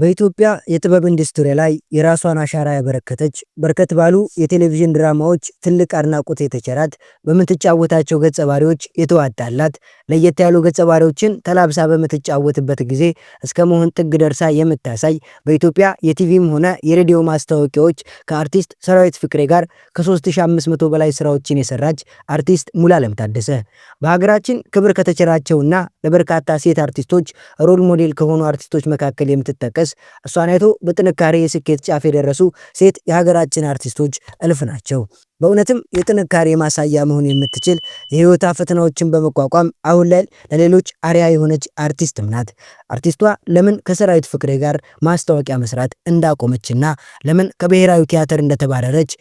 በኢትዮጵያ የጥበብ ኢንዱስትሪ ላይ የራሷን አሻራ ያበረከተች በርከት ባሉ የቴሌቪዥን ድራማዎች ትልቅ አድናቆት የተቸራት በምትጫወታቸው ገጸ ባሪዎች የተዋጣላት ለየት ያሉ ገጸ ባሪዎችን ተላብሳ በምትጫወትበት ጊዜ እስከ መሆን ጥግ ደርሳ የምታሳይ በኢትዮጵያ የቲቪም ሆነ የሬዲዮ ማስታወቂያዎች ከአርቲስት ሰራዊት ፍቅሬ ጋር ከ3500 በላይ ስራዎችን የሰራች አርቲስት ሙሉዓለም ታደሰ በሀገራችን ክብር ከተቸራቸውና ለበርካታ ሴት አርቲስቶች ሮል ሞዴል ከሆኑ አርቲስቶች መካከል የምትጠቀስ ድረስ እሷን አይቶ በጥንካሬ የስኬት ጫፍ የደረሱ ሴት የሀገራችን አርቲስቶች እልፍ ናቸው። በእውነትም የጥንካሬ ማሳያ መሆን የምትችል የህይወታ ፈተናዎችን በመቋቋም አሁን ላይ ለሌሎች አሪያ የሆነች አርቲስትም ናት። አርቲስቷ ለምን ከሰራዊት ፍቅሬ ጋር ማስታወቂያ መስራት እንዳቆመችና ለምን ከብሔራዊ ቲያትር እንደተባረረች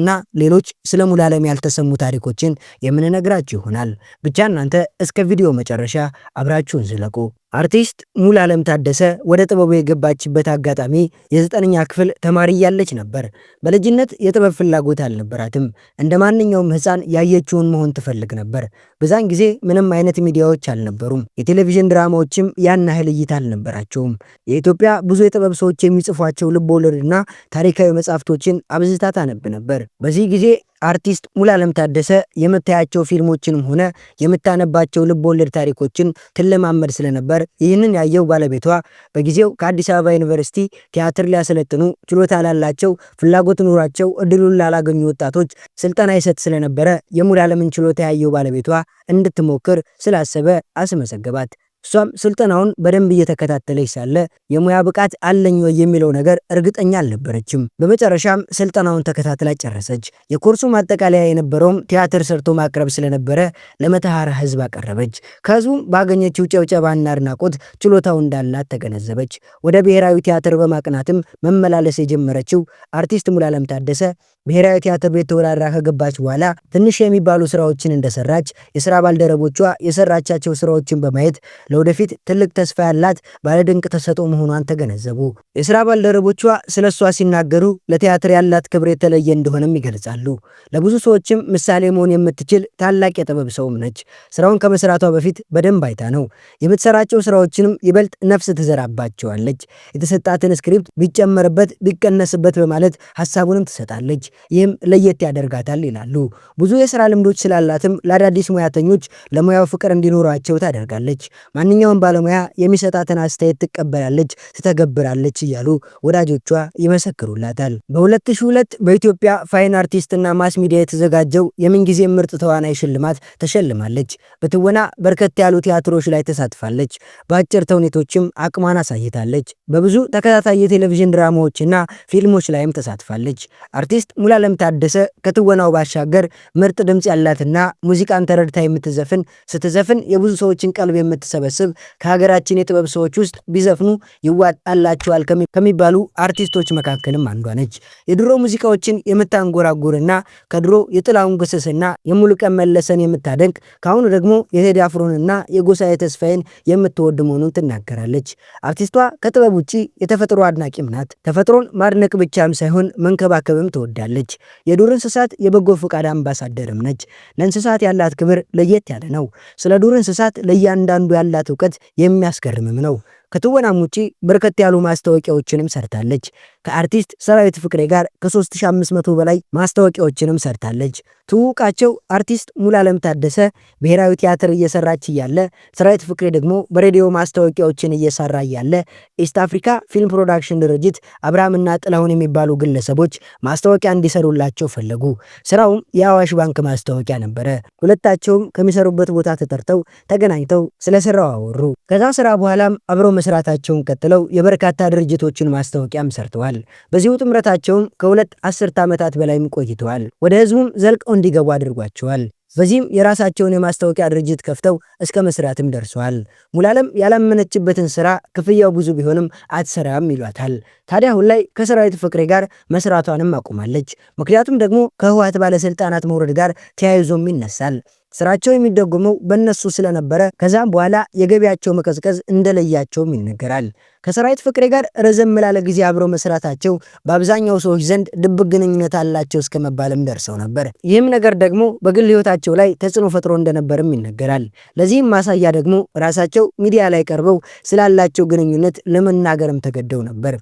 እና ሌሎች ስለ ሙሉዓለም ያልተሰሙ ታሪኮችን የምንነግራችሁ ይሆናል። ብቻ እናንተ እስከ ቪዲዮ መጨረሻ አብራችሁን ዝለቁ። አርቲስት ሙሉዓለም ታደሰ ወደ ጥበቡ የገባችበት አጋጣሚ የዘጠነኛ ክፍል ተማሪ እያለች ነበር። በልጅነት የጥበብ ፍላጎት አልነበራትም። እንደ ማንኛውም ሕፃን ያየችውን መሆን ትፈልግ ነበር። በዛን ጊዜ ምንም አይነት ሚዲያዎች አልነበሩም። የቴሌቪዥን ድራማዎችም ያን ያህል እይታ አልነበራቸውም። የኢትዮጵያ ብዙ የጥበብ ሰዎች የሚጽፏቸው ልቦወለድና ታሪካዊ መጽሐፍቶችን አብዝታ ታነብ ነበር። በዚህ ጊዜ አርቲስት ሙሉዓለም ታደሰ የምታያቸው ፊልሞችንም ሆነ የምታነባቸው ልቦወለድ ታሪኮችን ትለማመድ ስለነበር ነበር። ይህንን ያየው ባለቤቷ በጊዜው ከአዲስ አበባ ዩኒቨርሲቲ ቲያትር ሊያሰለጥኑ ችሎታ ላላቸው፣ ፍላጎት ኑሯቸው እድሉን ላላገኙ ወጣቶች ስልጠና ይሰጥ ስለነበረ የሙሉዓለምን ችሎታ ያየው ባለቤቷ እንድትሞክር ስላሰበ አስመዘገባት። እሷም ስልጠናውን በደንብ እየተከታተለች ሳለ የሙያ ብቃት አለኝ ወይ የሚለው ነገር እርግጠኛ አልነበረችም። በመጨረሻም ስልጠናውን ተከታትላ ጨረሰች። የኮርሱ ማጠቃለያ የነበረውም ቲያትር ሰርቶ ማቅረብ ስለነበረ ለመተሐራ ህዝብ አቀረበች። ከህዝቡም ባገኘችው ጨብጨባና አድናቆት ችሎታው እንዳላት ተገነዘበች። ወደ ብሔራዊ ቲያትር በማቅናትም መመላለስ የጀመረችው አርቲስት ሙሉዓለም ታደሰ ብሔራዊ ቲያትር ቤት ተወዳድራ ከገባች በኋላ ትንሽ የሚባሉ ስራዎችን እንደሰራች የስራ ባልደረቦቿ የሰራቻቸው ስራዎችን በማየት ለወደፊት ትልቅ ተስፋ ያላት ባለድንቅ ተሰጥኦ መሆኗን ተገነዘቡ። የሥራ ባልደረቦቿ ስለ እሷ ሲናገሩ ለቲያትር ያላት ክብር የተለየ እንደሆነም ይገልጻሉ። ለብዙ ሰዎችም ምሳሌ መሆን የምትችል ታላቅ የጥበብ ሰውም ነች። ስራውን ከመስራቷ በፊት በደንብ አይታ ነው። የምትሰራቸው ስራዎችንም ይበልጥ ነፍስ ትዘራባቸዋለች። የተሰጣትን ስክሪፕት ቢጨመርበት ቢቀነስበት በማለት ሀሳቡንም ትሰጣለች። ይህም ለየት ያደርጋታል ይላሉ። ብዙ የስራ ልምዶች ስላላትም ለአዳዲስ ሙያተኞች ለሙያው ፍቅር እንዲኖራቸው ታደርጋለች። ማንኛውም ባለሙያ የሚሰጣትን አስተያየት ትቀበላለች፣ ትተገብራለች እያሉ ወዳጆቿ ይመሰክሩላታል። በ2002 በኢትዮጵያ ፋይን አርቲስት ማስ ሚዲያ የተዘጋጀው የምንጊዜ ምርጥ ተዋናይ ሽልማት ተሸልማለች። በትወና በርከት ያሉ ቲያትሮች ላይ ተሳትፋለች። በአጭር ተውኔቶችም አቅሟን አሳይታለች። በብዙ ተከታታይ የቴሌቪዥን ድራማዎችና ፊልሞች ላይም ተሳትፋለች። አርቲስት ሙሉዓለም ታደሰ ከትወናው ባሻገር ምርጥ ድምፅ ያላትና ሙዚቃን ተረድታ የምትዘፍን ስትዘፍን የብዙ ሰዎችን ቀልብ የምትሰበ በመሰብሰብ ከሀገራችን የጥበብ ሰዎች ውስጥ ቢዘፍኑ ይዋጣላቸዋል ከሚባሉ አርቲስቶች መካከልም አንዷ ነች። የድሮ ሙዚቃዎችን የምታንጎራጉርና ከድሮ የጥላሁን ገሰሰና የሙሉቀን መለሰን የምታደንቅ ከአሁኑ ደግሞ የቴዲ አፍሮንና የጎሳዬ ተስፋዬን የምትወድ መሆኑን ትናገራለች። አርቲስቷ ከጥበብ ውጭ የተፈጥሮ አድናቂም ናት። ተፈጥሮን ማድነቅ ብቻም ሳይሆን መንከባከብም ትወዳለች። የዱር እንስሳት የበጎ ፈቃድ አምባሳደርም ነች። ለእንስሳት ያላት ክብር ለየት ያለ ነው። ስለ ዱር እንስሳት ለእያንዳንዱ ያላት ያላት እውቀት የሚያስገርምም ነው። ከትወናም ውጪ በርከት ያሉ ማስታወቂያዎችንም ሰርታለች። ከአርቲስት ሰራዊት ፍቅሬ ጋር ከ3500 በላይ ማስታወቂያዎችንም ሰርታለች። ትውቃቸው አርቲስት ሙላለም ታደሰ ብሔራዊ ቲያትር እየሰራች እያለ ሰራዊት ፍቅሬ ደግሞ በሬዲዮ ማስታወቂያዎችን እየሰራ እያለ ኢስት አፍሪካ ፊልም ፕሮዳክሽን ድርጅት አብርሃምና ጥላሁን የሚባሉ ግለሰቦች ማስታወቂያ እንዲሰሩላቸው ፈለጉ። ስራውም የአዋሽ ባንክ ማስታወቂያ ነበረ። ሁለታቸውም ከሚሰሩበት ቦታ ተጠርተው ተገናኝተው ስለ ስራው አወሩ። ከዛ ስራ በኋላም አብረው መስራታቸውን ቀጥለው የበርካታ ድርጅቶችን ማስታወቂያም ሰርተዋል። በዚሁ ጥምረታቸውም ከሁለት አስርት ዓመታት በላይም ቆይተዋል። ወደ ህዝቡም ዘልቀው እንዲገቡ አድርጓቸዋል። በዚህም የራሳቸውን የማስታወቂያ ድርጅት ከፍተው እስከ መስራትም ደርሰዋል። ሙላለም ያላመነችበትን ስራ ክፍያው ብዙ ቢሆንም አትሰራም ይሏታል። ታዲያ አሁን ላይ ከሰራዊት ፍቅሬ ጋር መስራቷንም አቁማለች። ምክንያቱም ደግሞ ከህወሓት ባለስልጣናት መውረድ ጋር ተያይዞም ይነሳል። ስራቸው የሚደጎመው በእነሱ ስለነበረ ከዛም በኋላ የገቢያቸው መቀዝቀዝ እንደለያቸውም ይነገራል። ከሰራዊት ፍቅሬ ጋር ረዘም ላለ ጊዜ አብረው መስራታቸው በአብዛኛው ሰዎች ዘንድ ድብቅ ግንኙነት አላቸው እስከ መባልም ደርሰው ነበር። ይህም ነገር ደግሞ በግል ህይወታቸው ላይ ተጽዕኖ ፈጥሮ እንደነበርም ይነገራል። ለዚህም ማሳያ ደግሞ ራሳቸው ሚዲያ ላይ ቀርበው ስላላቸው ግንኙነት ለመናገርም ተገደው ነበር።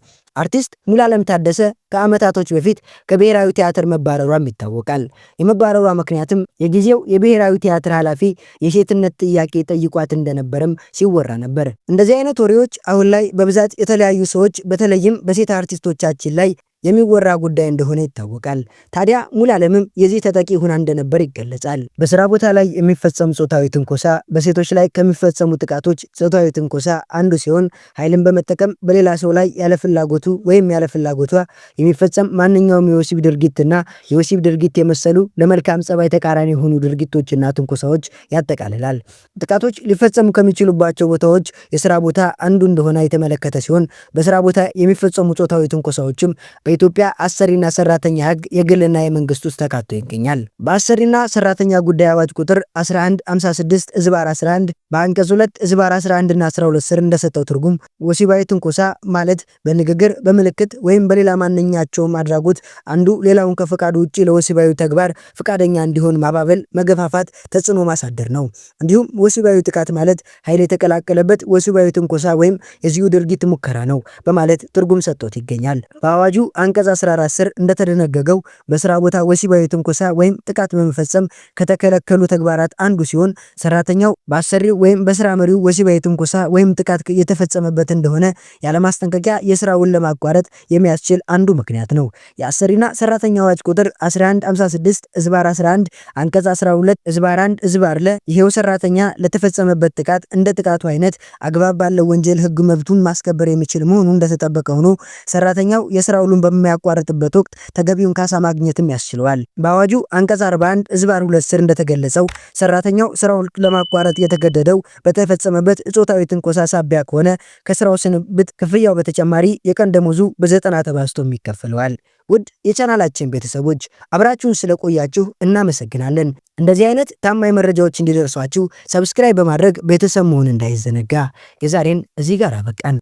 አርቲስት ሙሉዓለም ታደሰ ከዓመታቶች በፊት ከብሔራዊ ቲያትር መባረሯም ይታወቃል። የመባረሯ ምክንያትም የጊዜው የብሔራዊ ቲያትር ኃላፊ የሴትነት ጥያቄ ጠይቋት እንደነበረም ሲወራ ነበር። እንደዚህ አይነት ወሬዎች አሁን ላይ በብዛት የተለያዩ ሰዎች በተለይም በሴት አርቲስቶቻችን ላይ የሚወራ ጉዳይ እንደሆነ ይታወቃል። ታዲያ ሙሉዓለምም የዚህ ተጠቂ ሁና እንደነበር ይገለጻል። በስራ ቦታ ላይ የሚፈጸም ጾታዊ ትንኮሳ በሴቶች ላይ ከሚፈጸሙ ጥቃቶች ጾታዊ ትንኮሳ አንዱ ሲሆን ኃይልን በመጠቀም በሌላ ሰው ላይ ያለ ፍላጎቱ ወይም ያለ ፍላጎቷ የሚፈጸም ማንኛውም የወሲብ ድርጊትና የወሲብ ድርጊት የመሰሉ ለመልካም ጸባይ ተቃራኒ የሆኑ ድርጊቶችና ትንኮሳዎች ያጠቃልላል። ጥቃቶች ሊፈጸሙ ከሚችሉባቸው ቦታዎች የስራ ቦታ አንዱ እንደሆነ የተመለከተ ሲሆን በስራ ቦታ የሚፈጸሙ ጾታዊ ትንኮሳዎችም በኢትዮጵያ አሰሪና ሰራተኛ ህግ የግልና የመንግስት ውስጥ ተካቶ ይገኛል። በአሰሪና ሰራተኛ ጉዳይ አዋጅ ቁጥር 1156 እዝባር 11 በአንቀጽ 2 እዝባር 11 እና 12 ስር እንደሰጠው ትርጉም ወሲባዊ ትንኮሳ ማለት በንግግር በምልክት ወይም በሌላ ማንኛቸውም አድራጎት አንዱ ሌላውን ከፈቃዱ ውጭ ለወሲባዊ ተግባር ፈቃደኛ እንዲሆን ማባበል፣ መገፋፋት፣ ተጽዕኖ ማሳደር ነው። እንዲሁም ወሲባዊ ጥቃት ማለት ኃይል የተቀላቀለበት ወሲባዊ ትንኮሳ ወይም የዚሁ ድርጊት ሙከራ ነው በማለት ትርጉም ሰጥቶት ይገኛል። በአዋጁ አንቀጽ 14 ስር እንደተደነገገው በስራ ቦታ ወሲባዊ ትንኮሳ ወይም ጥቃት በመፈጸም ከተከለከሉ ተግባራት አንዱ ሲሆን ሰራተኛው በአሰሪው ወይም በስራ መሪው ወሲባዊ ትንኮሳ ወይም ጥቃት የተፈጸመበት እንደሆነ ያለማስጠንቀቂያ የስራውን ለማቋረጥ የሚያስችል አንዱ ምክንያት ነው። የአሰሪና ሰራተኛ አዋጅ ቁጥር 1156 ዝባር 11 አንቀጽ 12 ዝባር 1 ዝባር ለ ይሄው ሰራተኛ ለተፈጸመበት ጥቃት እንደ ጥቃቱ አይነት አግባብ ባለው ወንጀል ህግ መብቱን ማስከበር የሚችል መሆኑ እንደተጠበቀ ሆኖ ሰራተኛው የስራ ውሉን በሚያቋርጥበት ወቅት ተገቢውን ካሳ ማግኘትም ያስችለዋል። በአዋጁ አንቀጽ 41 ዝባር 2 ስር እንደተገለጸው ሰራተኛው ስራውን ለማቋረጥ የተገደደው በተፈጸመበት እጾታዊ ትንኮሳ ሳቢያ ከሆነ ከስራው ስንብት ክፍያው በተጨማሪ የቀን ደሞዙ በዘጠና ተባዝቶም ይከፈለዋል። ውድ የቻናላችን ቤተሰቦች አብራችሁን ስለቆያችሁ እናመሰግናለን። እንደዚህ አይነት ታማኝ መረጃዎች እንዲደርሷችሁ ሰብስክራይብ በማድረግ ቤተሰብ መሆን እንዳይዘነጋ። የዛሬን እዚህ ጋር አበቃን።